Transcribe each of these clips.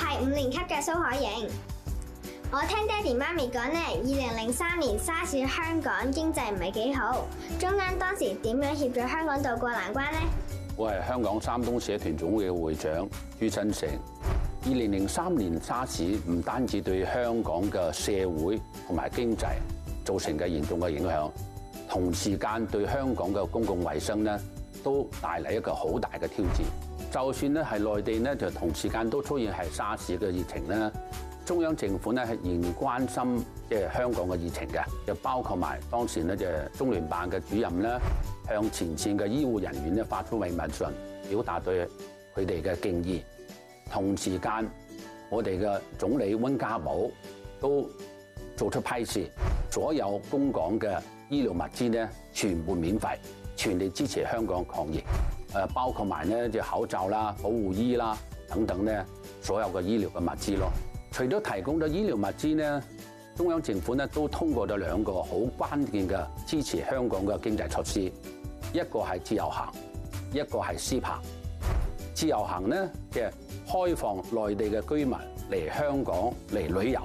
係五年級嘅蘇豈瑩，我聽爹哋媽咪講咧，二零零三年沙士香港經濟唔係幾好，中央當時點樣協助香港度過難關呢？我係香港山東社團總會嘅會長朱新勝。二零零三年沙士唔單止對香港嘅社會同埋經濟造成嘅嚴重嘅影響，同時間對香港嘅公共衛生咧都帶嚟一個好大嘅挑戰。就算咧係內地咧就同時間都出現係沙士嘅疫情咧，中央政府咧係仍然關心即係香港嘅疫情嘅，就包括埋當時呢，就中聯辦嘅主任咧向前線嘅醫護人員咧發出慰問信，表達對佢哋嘅敬意。同時間，我哋嘅總理温家寶都做出批示，所有供港嘅醫療物資咧全部免費，全力支持香港抗疫。誒包括埋咧，口罩啦、保護衣啦等等咧，所有嘅醫療嘅物資咯。除咗提供咗醫療物資咧，中央政府咧都通過咗兩個好關鍵嘅支持香港嘅經濟措施，一個係自由行，一個係 CEPA。自由行咧嘅開放內地嘅居民嚟香港嚟旅遊，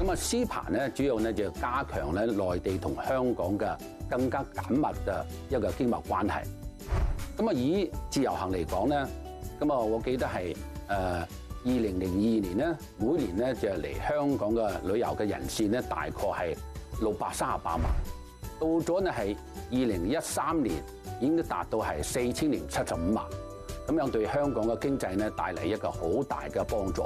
咁啊 CEPA 咧主要咧就加強咧內地同香港嘅更加緊密嘅一個經貿關係。咁啊以自由行嚟講咧，咁啊我記得係誒二零零二年咧，每年咧就嚟香港嘅旅遊嘅人次咧，大概係六百三十八萬。到咗咧係二零一三年，已經達到係四千零七十五萬，咁樣對香港嘅經濟咧帶嚟一個好大嘅幫助。